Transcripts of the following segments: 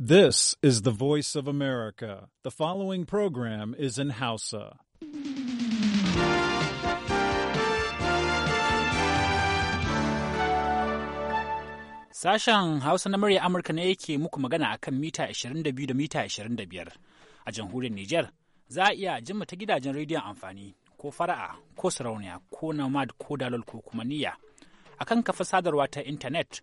This is the voice of America. The following program is in Hausa. Sashen Hausa na murya Amurka ne yake muku magana a kan mita 22 da mita 25 a jamhuriyar Nijar. Za a iya jin ta gidajen rediyon amfani ko fara'a ko sarauniya ko nomad ko dalol ko kuma niyya. A kan kafa sadarwa ta intanet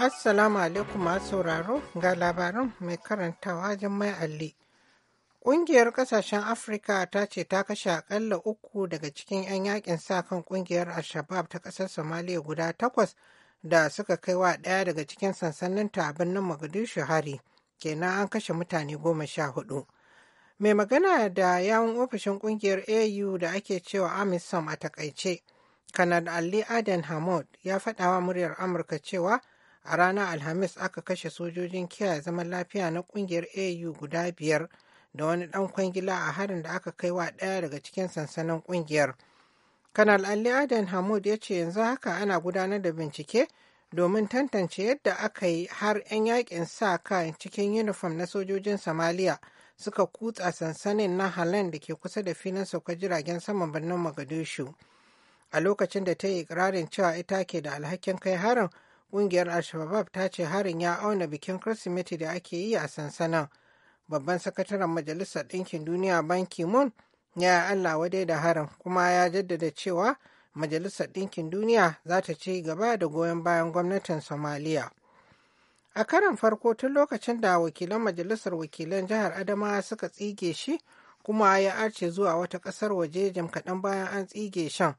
Assalamu alaikum masu sauraro ga labaran mai karantawa Jummai Alli. Ƙungiyar ƙasashen Afirka ta ce ta kashe akalla uku daga cikin 'yan yakin sa kan ƙungiyar Al-Shabaab ta ƙasar Somalia guda takwas da suka kai wa ɗaya daga cikin sansanin ta birnin Mogadishu hari, kenan an kashe mutane goma sha hudu. Mai magana da yawun ofishin ƙungiyar AU da ake cewa AMISOM a takaice, Kanad Ali Aden Hamod ya faɗawa muryar Amurka cewa a ranar alhamis aka kashe sojojin kiyaye zaman lafiya na kungiyar au guda biyar da wani dan kwangila a harin da aka kai wa daya daga cikin sansanin kungiyar kanal ali adan hamud ya ce yanzu haka ana gudanar da bincike domin tantance yadda aka yi har 'yan yakin sa ka cikin yunifom na sojojin samaliya suka kutsa sansanin na halin da ke kusa da filin sauka jiragen saman birnin magadishu a lokacin da ta yi ikirarin cewa ita ke da alhakin kai harin Ƙungiyar al ta ce harin ya auna bikin Kirsimeti da ake yi a sansanin. Babban sakataren Majalisar Ɗinkin Duniya Ban Ki-moon ya Allah wadai da harin kuma ya jaddada cewa Majalisar Ɗinkin Duniya za ta ci gaba da goyon bayan gwamnatin Somaliya. A karon farko tun lokacin da wakilan Majalisar Wakilan Jihar Adamawa suka tsige shi kuma ya arce zuwa wata ƙasar waje jim kaɗan bayan an tsige shan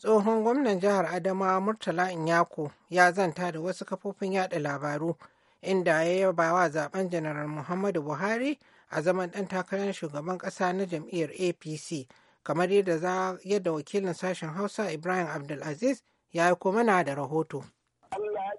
tsohon gwamnan jihar adamawa murtala inyako ya zanta da wasu kafofin yada labaru inda ya yaba wa zaben janaral muhammadu buhari a zaman dan takarar shugaban kasa na jam'iyyar apc kamar yadda yadda wakilin sashen hausa ibrahim abdulaziz ya yi kuma na da rahoto Allah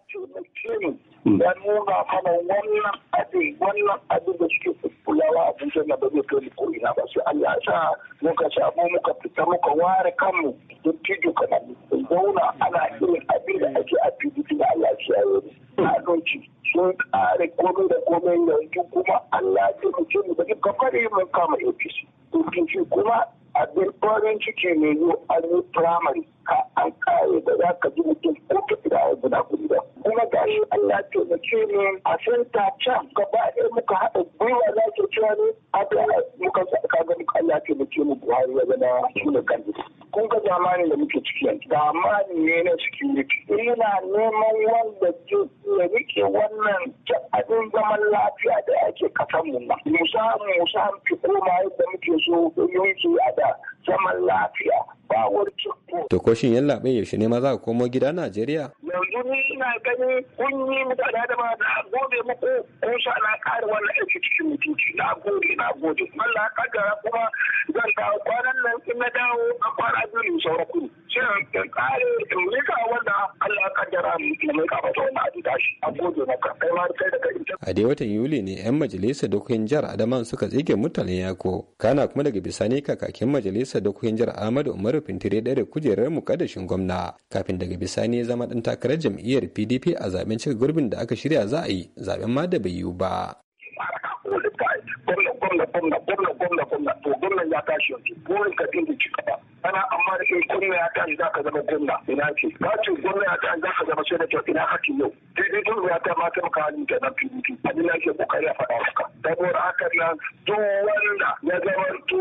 wannan abin wannan abin da suke kulawa. cutar na ba zai kai ko ina ba sai Allah ya sa muka samu muka fita muka ware kanmu don tijo kamar zauna ana irin abin da ake a PDP da Allah ya kiyaye na ɗauki sun ƙare komai da komai yanzu kuma Allah ya ce mu da dukkan mun kama APC. APC kuma abin farin ciki ne yau an yi primary shi Allah taimake mu a santa can gaba ɗaya muka haɗa gwiwa za ke cewa ne a da muka ga muka Allah taimake mu Buhari ya zama shi ne kun ga zamani da muke ciki yanzu zamani ne na security ina neman wanda ke ya rike wannan abin zaman lafiya da ake kasan mu na musa musa fi koma yadda muke so yanki a da zaman lafiya ba warkin to ko shin yalla bai yaushe ne ma za ka komo gida Najeriya yanzu ni ina gani kunyi yi mutane da ba da gode muku ko sha na kare wannan aiki cikin mutunci na gode na gode Allah ka ga kuma zan dawo kwanan nan in na dawo a kwana biyu in saura ku sai in kare in ka wanda Allah ka jara mu in ka fata wani abu tashi a gode ka kai ma kai da kai a dai watan Yuli ne yan majalisar dokokin jihar Adamawa suka tsige mutane yako kana kuma daga bisani kakakin majalisar majalisar dokokin jihar Ahmadu Umaru Fintire ɗaya da kujerar mukaddashin gwamna kafin daga bisani ya zama ɗan takarar jam'iyyar PDP a zaben cika gurbin da aka shirya za a yi zaben ma da bai yiwu ba. gwamna to gwamnan ya tashi yanzu burin ka din da ci gaba ana amma da in gwamna ya tashi za ka zama gwamna ina ce ba ce gwamna ya tashi za ka zama kyau ina haki yau daidai tun ya ta mata maka halin da na pdp ni na ke kokari a faɗa maka saboda haka nan duk wanda ya zama to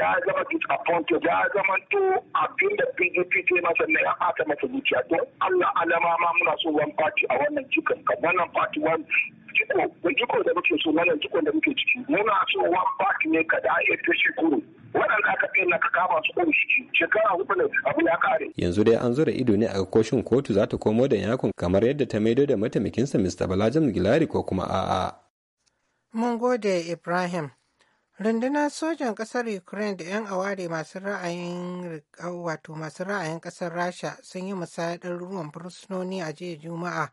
ya zama disappointed ya zama to abin da pdp ce masa na ya ɓata masa zuciya don allah alama ma muna so wani party a wannan cikin ka wannan party wani kiɗan da jikon da muke so wannan da muke ciki muna so one back ne ka da APC waɗanda aka ɗaya ka kama su ɗan shi shekara hudu ne abu ya kare. yanzu dai an zura ido ne a koshin kotu za ta komo da yakun kamar yadda ta maido da mataimakinsa Mr. Balajan Gilari ko kuma a'a. Mun gode Ibrahim. Rundunar sojan ƙasar Ukraine da 'yan aware masu ra'ayin wato masu ra'ayin ƙasar Rasha sun yi musayar ruwan fursunoni a jiya Juma'a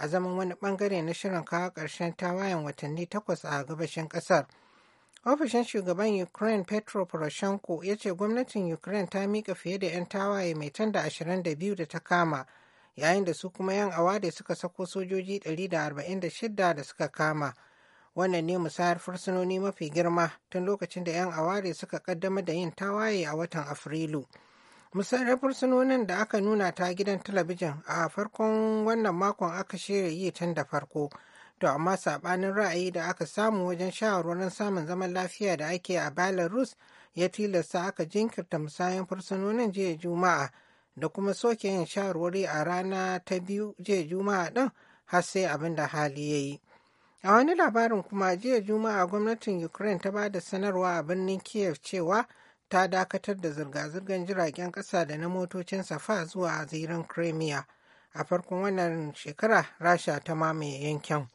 a zaman wani bangare na shirin kawo ƙarshen tawayen watanni takwas a gabashin kasar. Ofishin shugaban Ukraine Petro Poroshenko ya ce gwamnatin Ukraine ta mika fiye da 'yan tawaye mai tanda 22 da ta kama, yayin da su kuma 'yan awade suka sako sojoji 146 da suka kama. Wannan ne musayar fursunoni mafi girma tun lokacin da 'yan aware suka kaddama da yin tawaye a watan Afrilu. musayar fursunonin da aka nuna ta gidan talabijin a farkon wannan makon aka shirya yi tun da farko to amma sabanin ra'ayi da aka samu wajen shawarwarin samun zaman lafiya da ake a belarus ya tilasta aka jinkirta musayan fursunonin jiya juma'a da kuma soke yin shawarwari a rana ta biyu jiya juma'a ɗin, har sai abin da hali ya yi a wani labarin kuma jiya juma'a gwamnatin ukraine ta ba da sanarwa a birnin kiev cewa ta dakatar da zirga-zirgar jiragen ƙasa da na motocin safa zuwa zirin crimea a farkon wannan shekara rasha ta mamaye yankin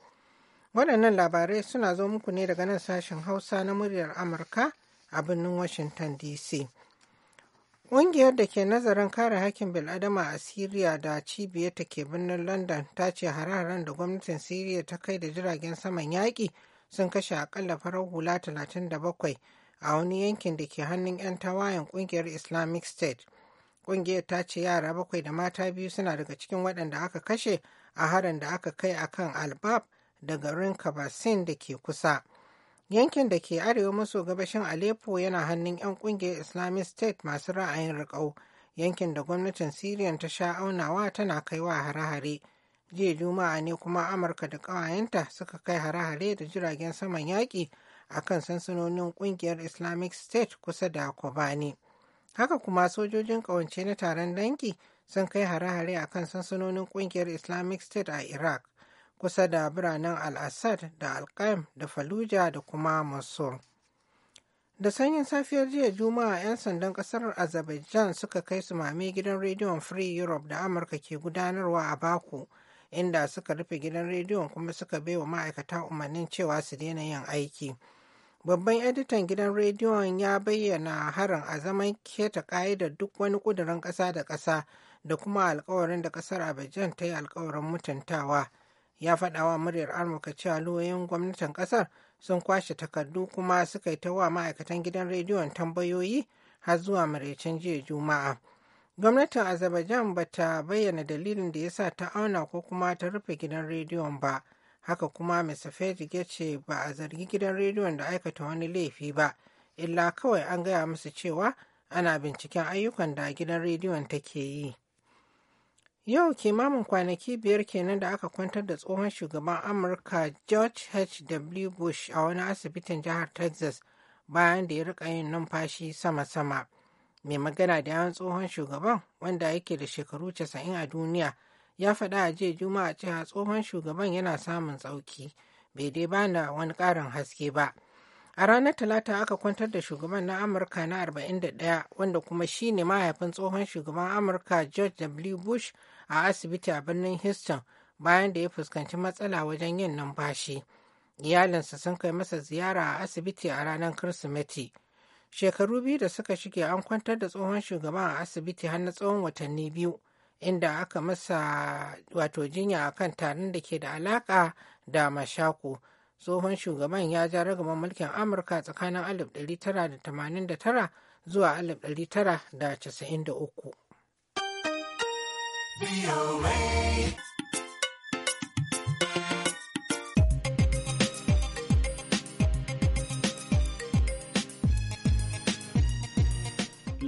waɗannan labarai suna zo muku ne daga nan sashen hausa na muryar amurka a birnin washington dc ƙungiyar da ke nazarin kare hakkin bil'adama a syria da cibiyar ta ke birnin london ta ce hararen da gwamnatin syria ta kai da jiragen saman yaƙi sun kashe akalla farar hula 37 a wani yankin da ke hannun 'yan tawayen kungiyar islamic state kungiyar ta ce yara bakwai da mata biyu suna daga cikin waɗanda aka kashe a harin da aka kai a kan albab da garin kabasin da ke kusa yankin da ke arewa maso gabashin aleppo yana hannun 'yan kungiyar islamic state masu ra'ayin riƙau yankin da gwamnatin syrian ta sha aunawa tana kaiwa hare-hare jiya juma'a ne kuma amurka da ƙawayenta suka kai hare-hare da jiragen saman yaƙi akan sansanonin kungiyar islamic state kusa da kobani haka kuma sojojin kawance na taron dangi sun kai hare-hare a kan sansanonin kungiyar islamic state a iraq kusa da biranen al-assad da al da fallujah da kuma mosul da sanyin safiyar jiya juma'a 'yan sandan kasar azerbaijan suka kai su mame gidan rediyon free europe da amurka ke gudanarwa a baku inda suka rufe gidan rediyon kuma suka bai wa ma'aikata umarnin cewa su daina yin aiki. Babban editan gidan rediyon ya bayyana harin a zaman keta ƙa'idar duk wani ƙudurin ƙasa da ƙasa da kuma alkawarin da ƙasar Abidjan ta yi alkawarin mutuntawa. Ya faɗa wa muryar Amurka cewa lauyoyin gwamnatin ƙasar sun kwashe takardu kuma suka yi ta wa ma'aikatan gidan rediyon tambayoyi har zuwa maraicin jiya Juma'a. Gwamnatin Azerbaijan ba ta bayyana dalilin da ya sa ta auna ko kuma ta rufe gidan rediyon ba. Haka kuma Mr. Fedig ya ce ba a zargi gidan rediyon da aikata wani laifi ba, illa kawai an gaya musu cewa ana binciken ayyukan da gidan rediyon take yi. Yau kimamin kwanaki biyar kenan da aka kwantar da tsohon shugaban Amurka George H.W. Bush a wani asibitin jihar Texas bayan da ya rika yin numfashi sama-sama. mai magana da yawan tsohon shugaban wanda yake da shekaru 90 a duniya ya faɗa a jiya juma'a cewa tsohon shugaban yana samun tsauki bai dai bana wani ƙarin haske ba a ranar talata aka kwantar da shugaban na amurka na 41 wanda kuma shi ne mahaifin tsohon shugaban amurka george w bush a asibiti a birnin houston bayan da ya fuskanci matsala wajen yin numfashi iyalinsa sun kai masa ziyara a asibiti a ranar kirsimeti shekaru biyu da suka shige an kwantar da tsohon shugaban a asibiti har na tsawon watanni biyu inda aka masa wato jinya a kan tarin da ke da alaka da mashaku tsohon shugaban ya ja ragaman mulkin amurka tsakanin 1989 zuwa 1993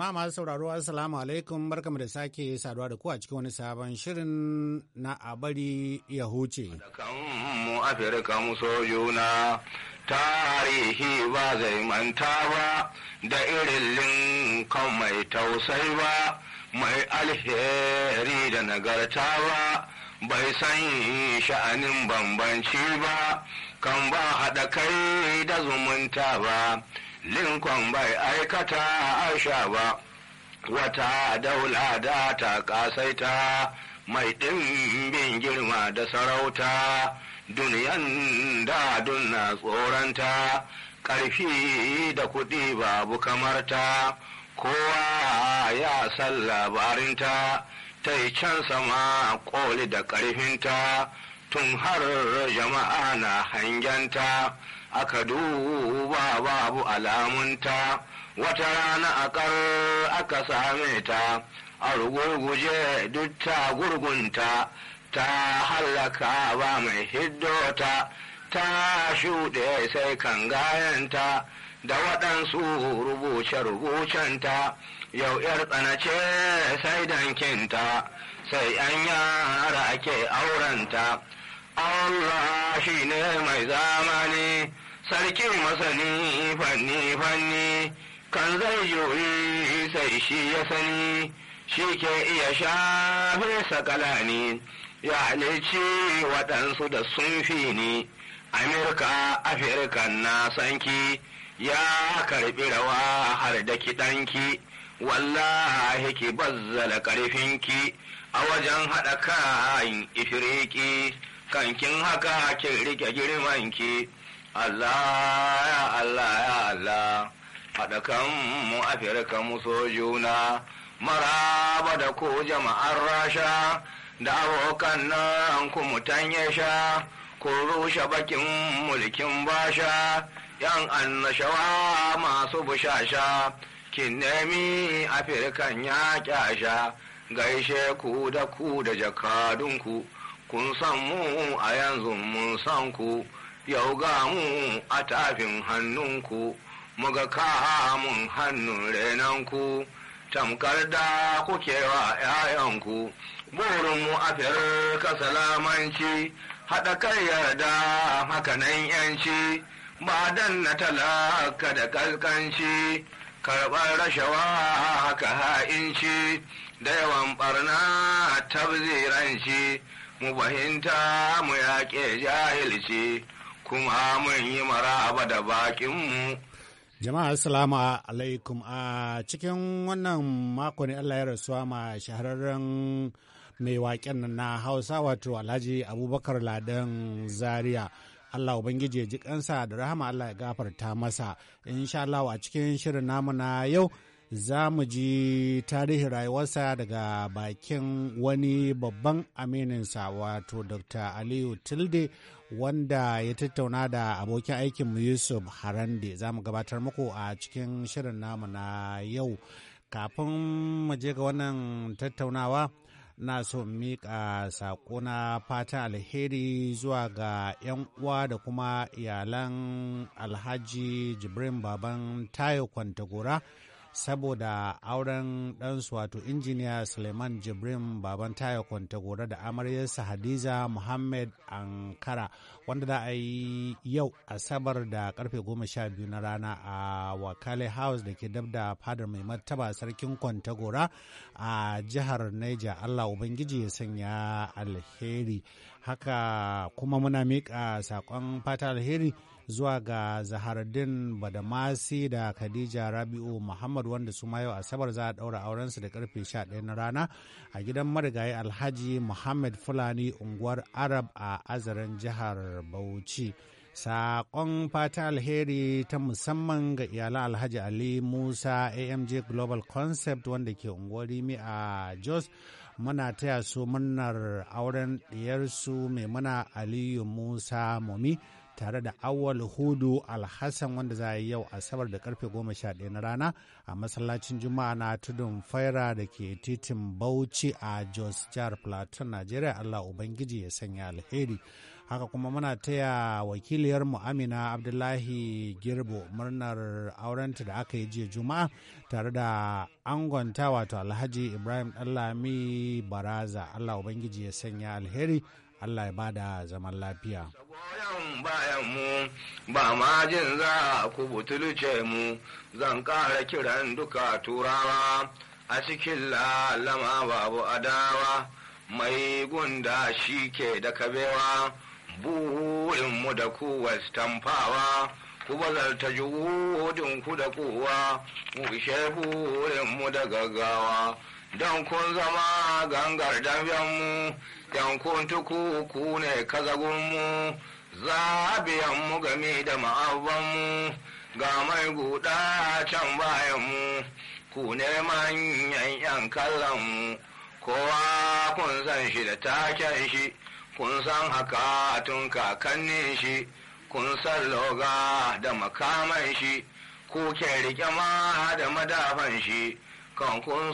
Jama'a masu sauraro Assalamu alaikum barkamu da sake saduwa da ku a cikin wani sabon shirin na a bari ya huce. mu Afirka mu sojuna tarihi ba zai manta ba da irin linkan mai tausai ba mai alheri da nagarta ba bai san sha'anin bambanci ba kan ba haɗa kai da zumunta ba. Lincoln bai aikata Aisha ba, wata daula da ta kasaita mai ɗimbin girma da sarauta, duniyan da duna tsoronta, ƙarfi da kuɗi babu kamar ta, kowa ya san labarinta, ta yi can sama ƙoli da ƙarfinta, tun har jama'a na hangenta. aka duba babu alamunta wata rana a kar aka same ta a rugurguje duk ta gurgunta ta hallaka ba mai hiddota ta shuɗe sai kan gayanta da waɗansu rubuce-rubucenta yau ‘yar tsanace sai dankinta sai an yara ake aurenta. Allah shi ne mai zamani Sarkin masani fanni fanni kan zai yi sai shi ya sani shi ke iya shafe sakalani ya halici waɗansu da sun fi ni amurka afirka na sanki ya karɓi rawa har da kiɗanki wallahi ki bazzala ƙarfinki a wajen haɗa kan ifiriki kankin haka ki rike ki. Allah ya Allah ya Allah haɗa mu afirka mu sojuna juna maraba da ku jama'ar rasha da abokan nan ku tanye sha ko rushe bakin mulkin basha yan annashawa masu bushasha kin nemi afirkan ya kyasha gaishe ku da ku da jakadunku kun san mu a yanzu mun san ku yau ga mu a tafin hannunku muga ka mun hannun renanku tamkar da kuke wa ‘ya'yanku mu a firka salamanci haɗa kai yarda hakanan ‘yanci ba dan na talaka da kalkanci karɓar rashawa haka ha'inci da yawan ɓarna tabziranci mu fahimta mu yaƙe jahilci kuma mun yi maraba da bakinmu. Jama'a Assalamu alaikum a cikin wannan mako ne Allah ya rasuwa ma shahararren mai waƙen na Hausa wato Alhaji Abubakar Ladan Zaria. Allah Ubangiji ya ji kansa da rahama Allah ya gafarta masa. Insha Allah a cikin shirin namu na yau za mu ji tarihin rayuwarsa daga bakin wani babban amininsa wato dr aliyu tilde wanda ya tattauna da abokin aikinmu yusuf harande za mu gabatar muku a cikin shirin namu na yau kafin mu je ga wannan tattaunawa na so miƙa saƙo na fatan alheri zuwa ga 'yan uwa da kuma iyalan alhaji jibrin baban tayo kwantagora saboda auren ɗansu wato injiniya suleiman jibrin baban taya kwantagora da amaryarsa hadiza muhammad ankara wanda za a yi yau asabar da karfe 12 na rana a wakale house da ke dab da fadar mai martaba sarkin kwantagora a jihar niger allah ubangiji ya sanya alheri haka kuma muna miƙa saƙon fata alheri zuwa ga zaharuddin badamasi da khadija rabi'u muhammad wanda su yau asabar za a daura aurensu da karfe 11 na rana a gidan marigayi alhaji muhammad fulani unguwar arab a azarin jihar bauchi Sakon fata alheri ta musamman ga iyalan Alhaji Ali Musa AMJ Global Concept wanda ke unguwar Rimi a Jos muna taya su murnar auren ɗiyarsu mai muna Aliyu Musa Momi tare da awal hudu alhassan wanda za a yi yau asabar da karfe 11 na rana a masallacin juma'a na tudun faira da ke titin bauchi a jos jihar plateau nigeria allah ubangiji ya sanya alheri haka kuma muna taya wakiliyarmu amina abdullahi girbo murnar aurenta da aka yi jiya juma'a tare da angonta wato alhaji ibrahim dallami baraza allah ubangiji ya sanya alheri allah ya bada zaman lafiya goyon bayan mu ba ma jin za ku butulce mu zan ƙara kiran duka turawa a cikin lalama babu adawa mai gunda shi ke da kabewa burinmu da kuwa stamfawa ku bazarta ku da kowa mu ishe burinmu da gaggawa don kun zama gangar dambenmu don kun tuku ku ne kazagunmu zabiyan mu game da ma'abanmu ga mai guda can bayanmu ku neman manyan kallonmu kowa kun san shi da taken shi kun san haka tun kakannin shi kun san loga da makaman shi ku ke rike ma da madafan shi kan kun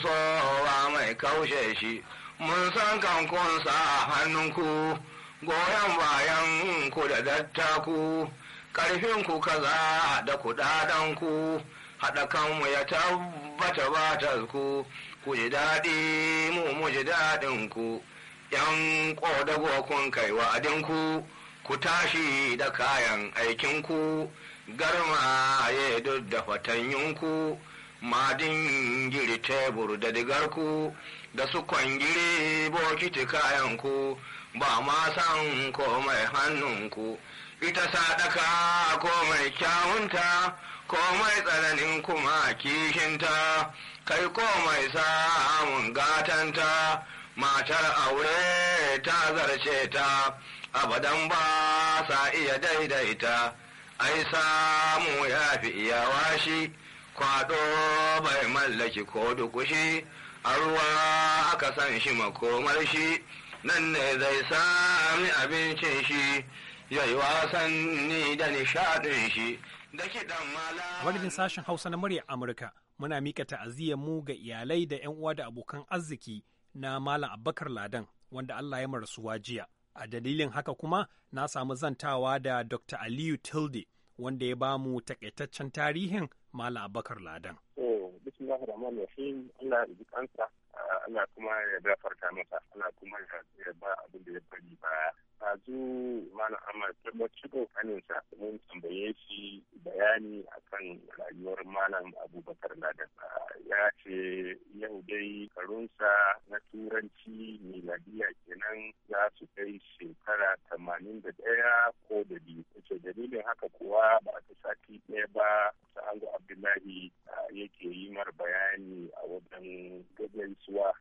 mai kaushe shi mun san kan kun sa hannunku goyon bayan ku da dattaku ƙarfin ku kaza da kuɗaɗen ku haɗa kanmu ya tabbata ba ku ku ji daɗi mu mu ji daɗin ku ’yan ƙodago kun kai wa'adin ku ku tashi da kayan aikin ku garma ya duk da fatanyin ku madin giri tebur da digar ku da su kwangire bokiti kayan ku ba ma san komai hannunku, ita sadaka mai kyawunta, ko mai tsananin kuma kishinta, kai ko komai samun gatanta, matar aure ta zarce ta, abadan ba sa iya daidaita, ai samu ya fi iyawa shi, kwaɗo bai mallaki ko dukushi, a ruwa aka san shi makomar shi. nan ne zai sami abincin shi ya yi ni da nishaɗin shi da kiɗan mala. Madadin sashen Hausa na muryar Amurka muna mika ta'aziyyar mu ga iyalai da 'yan uwa da abokan arziki na Malam Abubakar Ladan wanda Allah ya marasu jiya. A dalilin haka kuma na samu zantawa da Dr. Aliyu Tilde wanda ya ba mu takaitaccen tarihin Malam Abubakar Ladan. Oh, Ana kuma ya gafarta masa ana kuma ya ba abin da ya bari baya yanzu malam Ahmad tabbaci kokarin sa mun tambaye shi bayani akan rayuwar malam Abubakar Ladan ya ce yau dai karunsa na turanci miladiya kenan za su kai shekara tamanin da ɗaya ko da biyu ce dalilin haka kuwa ba a ta sati ɗaya ba ta ango Abdullahi yake yi mana governments were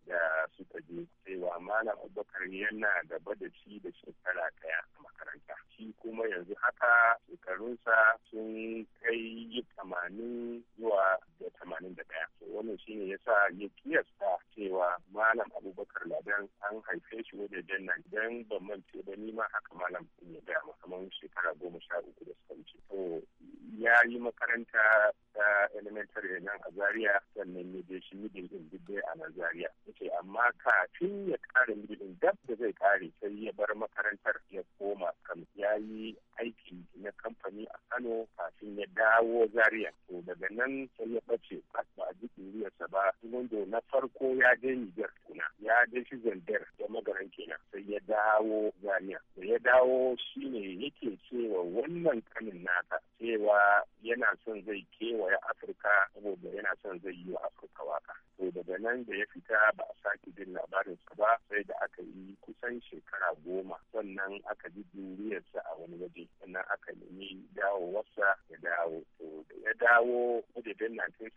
yake cewa wannan kanin nata cewa yana son zai kewaye afirka saboda yana son zai yi wa afirka waka to daga nan da ya fita ba a sake jin labarinsa ba sai da aka yi kusan shekara goma sannan aka ji duniyarsa a wani waje sannan aka nemi dawowarsa ya dawo to da ya dawo wajen 1960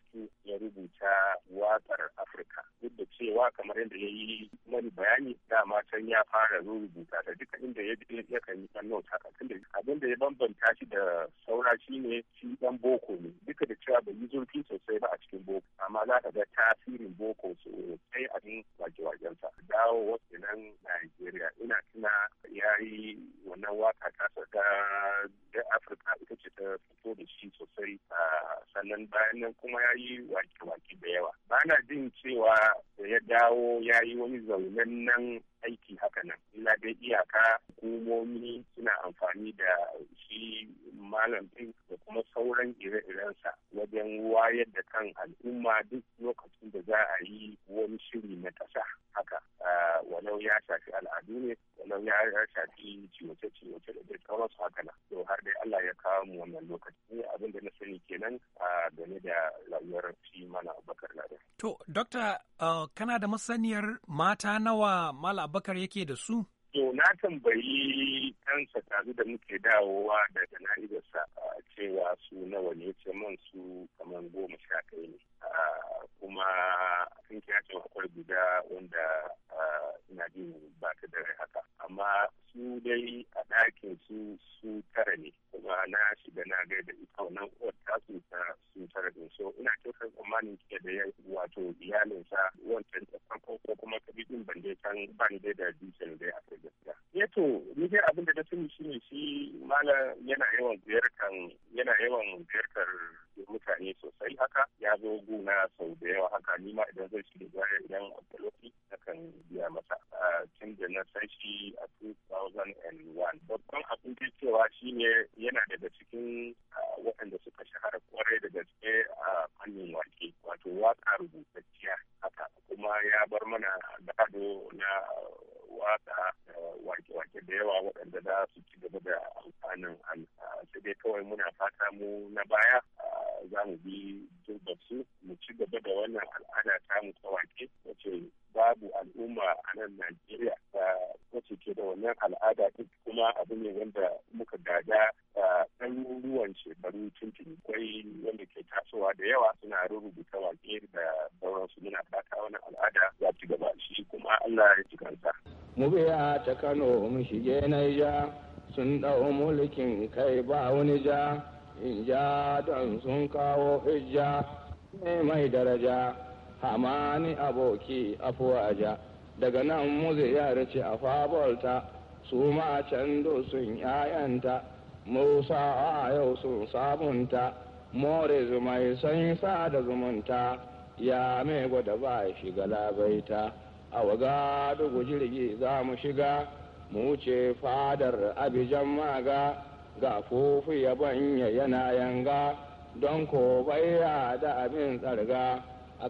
ya rubuta wakar afirka cewa kamar yadda ya yi mani bayani dama can ya fara rubuta ta duka inda ya ya kan yi kan nota tunda abin da ya bambanta shi da saura shi ne shi dan boko ne duka da cewa bai yi zurfi sosai ba a cikin boko amma za ka ga tasirin boko sosai a cikin wajen sa dawo wasu nan Najeriya ina tuna ya yi wannan waka ta saka da Afirka ita ce ta fito da shi sosai sannan bayan nan kuma ya yi wake-wake da yawa ba na jin cewa da ya dawo ya yi wani zaunen nan aiki haka nan ina dai iyaka hukumomi suna amfani da shi malam ɗin da kuma sauran ire-irensa wajen wayar da kan al'umma duk lokacin da za a yi wani shiri na ƙasa haka walau ya shafi al'adu ne walau ya shafi ciwace-ciwace da dai sauransu haka nan to har dai Allah ya kawo mu wannan lokaci abin da na sani kenan game da rayuwar shi mana bakar ladan To, Dokta, uh, kana da masaniyar mata nawa Mala Abakar yake da su? To, na tambayi kansa tare da muke dawowa da jana'izarsa uh, cewa su nawa ne ce man su kamar goma sha kai ne. Uh, kuma sun kira cewa akwai guda wanda uh, ina jin ba ta da haka. amma su dai a ɗakin su su tara ne kuma na shiga na ga da ita wannan wata ta su ta su tara ne so ina kyautar tsammanin ke da ya wato iyalinsa wancan ta farko ko kuma kabidin ban dai ban dai da dutsen dai a cewa da yawa suna rubuta wake da sauransu muna fata wani al'ada za ci gaba shi kuma Allah ya ci kansa. Mu biya ta Kano mu shige Naija sun ɗau mulkin kai ba wani ja in ja don sun kawo hijja ne mai daraja hamani aboki afuwaja daga nan mu ziyarci a fabolta su ma can sun 'ya'yanta musa a yau sun sabunta more zumai sun sa da zumunta ya mai gwada ba shiga labaita a waga dugu jirgi za mu shiga mu wuce fadar abijan maga ga fufu ya banya yana yanga don ko baya da abin tsarga a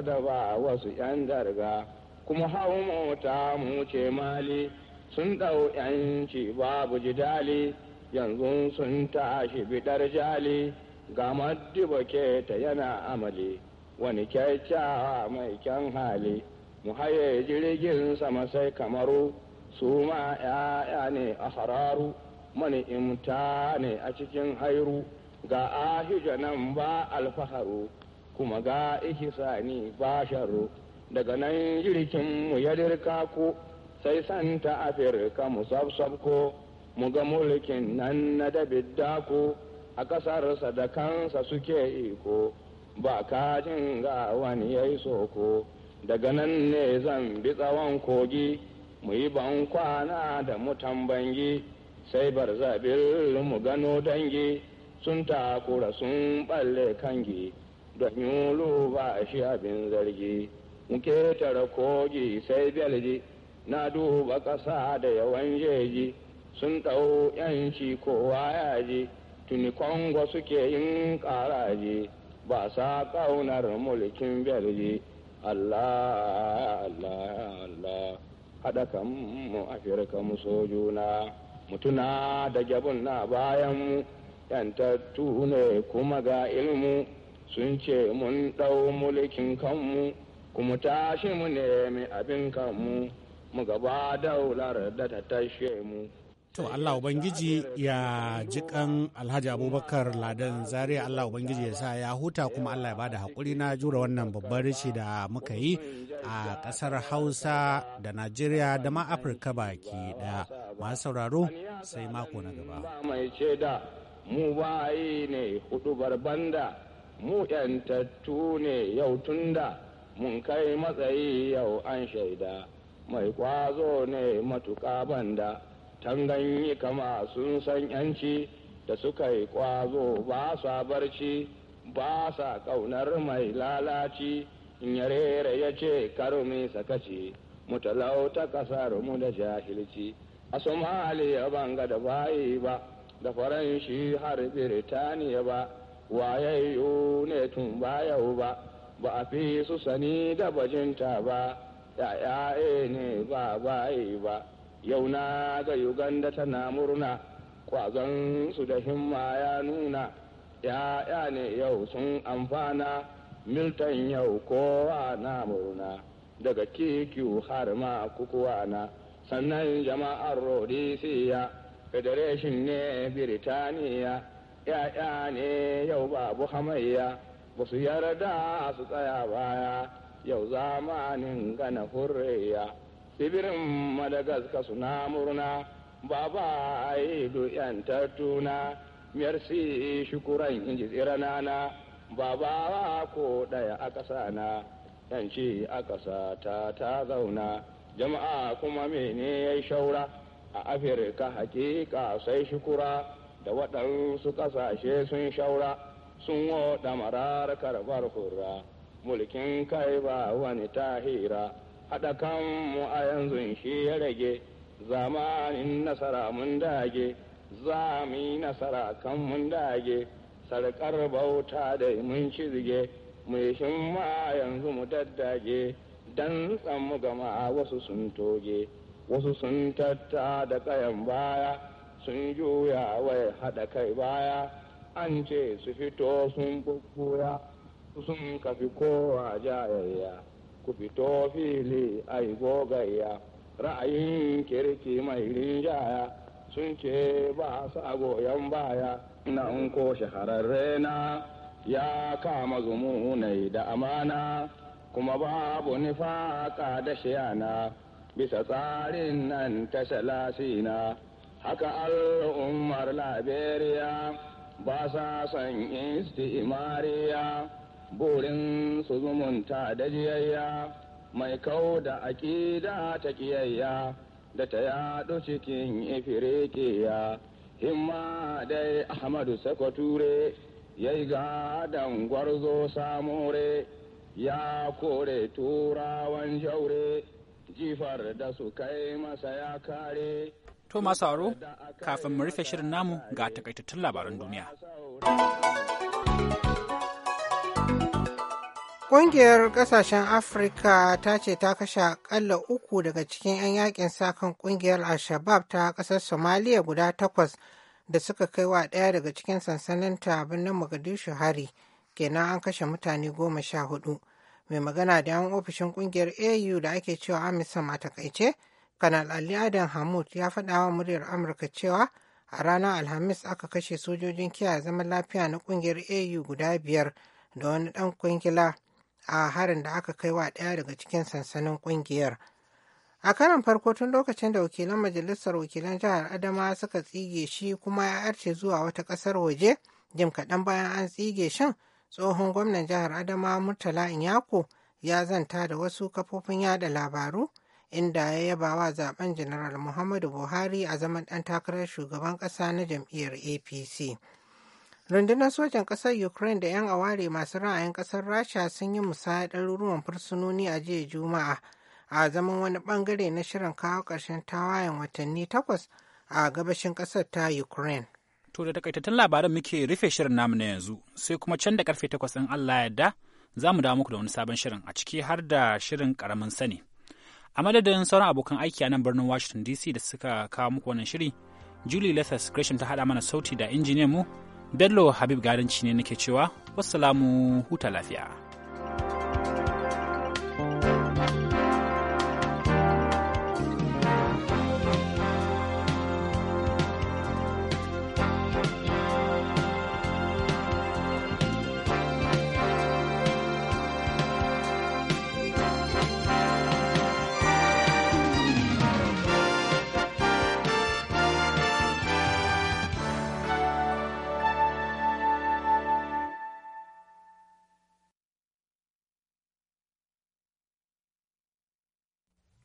da ba wasu 'yan darga kuma hau mota mu ce mali sun ɗau 'yanci babu jidali yanzu sun tashi bidar jali ga maddiba ta yana amali wani kyakkyawa mai kyan hali mu haye jirgin sama sai kamaru su ma ‘ya'ya ne a hararu mani imta ne a cikin hairu ga ahija nan ba alfaharu kuma ga ihisani ba sharu daga nan jirgin mu ya dirka ko sai santa afirka mu sabsabko mu ga mulkin nan na dabidda ko a ƙasarsa da kansa suke iko ba kajin ga wani ya yi soko daga nan ne zan bi tsawon kogi mu yi ban kwana da mutan bangi sai bar zabir mu gano dangi sun takura sun balle kangi don yulu ba shi abin zargi muke tara kogi sai belji na duba ƙasa da yawan jeji sun ɗau yanci kowa yaji tuni kongo suke yin karaje ba sa kaunar mulkin belji allah allah allah hada kan mu afirka mu sojuna mutuna da jabun na bayan mu yantattu ne kuma ga ilmu sun ce mun ɗau mulkin kanmu kuma tashi mu nemi abin kanmu mu gaba daular da ta tashe mu To Allah Ubangiji ya jikan Alhaji Abubakar Ladan Zaria Allah Ubangiji ya sa ya huta kuma Allah ya bada haƙuri na jura wannan babban rishi da muka yi a ƙasar Hausa da Najeriya da ma Afirka baki da Masu sauraro sai mako na gaba. Mu bayi ne hudu barbanda, mu ‘yantattu ne yau tunda, mun kai matsayi yau an shaida, mai kwazo ne matuƙa banda. tanganyika sun san yanci da suka yi ƙwazo ba sa barci ba sa ƙaunar mai lalaci in yare ya ce karumi sakaci ta ƙasar mu da jahilci a somaliya banga da bayi ba da faranshi har birtaniya ba wayayyu ne tun bayau ba ba a fi su sani da bajinta ba ya'e ne ba bayi ba yau na ga uganda tana murna kwazon su da himma ya nuna ya'ya ne yau sun amfana milton yau kowa na murna daga keke har ma na sannan jama'ar rodisiya federation ne biritaniya ya'ya ne yau babu hamayya ba su yarda su tsaya baya yau zamanin gana hurriya tsibirin madagascar suna murna baba a yi duyan tattuna merci shukuran inji tsiranana baba ko daya a ƙasa na yanci a ƙasa ta ta zauna jama'a kuma mene ya shaura a afirka hakika sai shukura da waɗansu ƙasashe sun shaura sun waɗa marar karɓar kura mulkin kai ba wani tahira haɗa kanmu a yanzu shi ya rage zamanin nasara mun dage za mu yi nasara kan mun dage sarkar bauta da mun shirge mai ma yanzu mu daddage dan mu gama wasu sun toge wasu sun tatta da kayan baya sun juya wai haɗa kai baya an ce su fito sun bubbuya sun kafi kowa jayayya ku fito fili a yi gogayya ra'ayin kirki mai rinjaya sun ce ba sa goyon baya nan ko shahararre na ya kama zumunai da amana kuma babu nifaka da shiyana bisa tsarin nan ta salasina haka al'ummar laberiya ba sa son istimariya burin su zumunta da jiyayya mai kau da aƙida ta ƙiyayya da ta yaɗo cikin ifirikiya himma dai ahmadu sakwature ya yi gadon gwarzo samure ya kore turawan jaure jifar da su kai masa ya kare to masu kafin mu rufe shirin namu ga takaitattun labaran duniya. Ƙungiyar ƙasashen Afirka ta ce ta kashe akalla uku daga cikin 'yan yakin sa kan ƙungiyar Al-Shabaab ta ƙasar Somalia guda takwas da suka kai wa ɗaya daga cikin sansaninta birnin Mogadishu hari, kenan an kashe mutane goma sha hudu. Mai magana da 'yan ofishin ƙungiyar AU da ake cewa Amisam a takaice, Kanal Ali Adan Hamud ya faɗa wa muryar Amurka cewa a ranar Alhamis aka kashe sojojin kiyaye zaman lafiya na ƙungiyar AU guda biyar da wani ɗan kwangila a harin da aka kai wa ɗaya daga cikin sansanin ƙungiyar. A karan farko tun lokacin da wakilan majalisar wakilan jihar Adama suka tsige shi kuma ya arce zuwa wata ƙasar waje jim kaɗan bayan an tsige shin tsohon gwamnan jihar Adama Murtala Inyako ya zanta da wasu kafofin yada labaru inda ya yaba wa zaben Janar Muhammadu Buhari a zaman ɗan takarar shugaban ƙasa na jam'iyyar APC. rundunar sojan ƙasar ukraine da 'yan aware masu ra'ayin ƙasar rasha sun yi musaya ɗaruruwan fursunoni a jiya juma'a a zaman wani bangare na shirin kawo ƙarshen tawayen watanni takwas a gabashin ƙasar ta ukraine to da takaitattun labaran muke rufe shirin namu na yanzu sai kuma can da karfe takwas in allah yarda za mu dawo muku da wani sabon shirin a ciki har da shirin karamin sani a madadin sauran abokan aiki a nan birnin washington dc da suka kawo muku wannan shiri julie lethas gresham ta haɗa mana sauti da injiniyan mu Bello Habib Garanci ne nake cewa, wassalamu huta lafiya.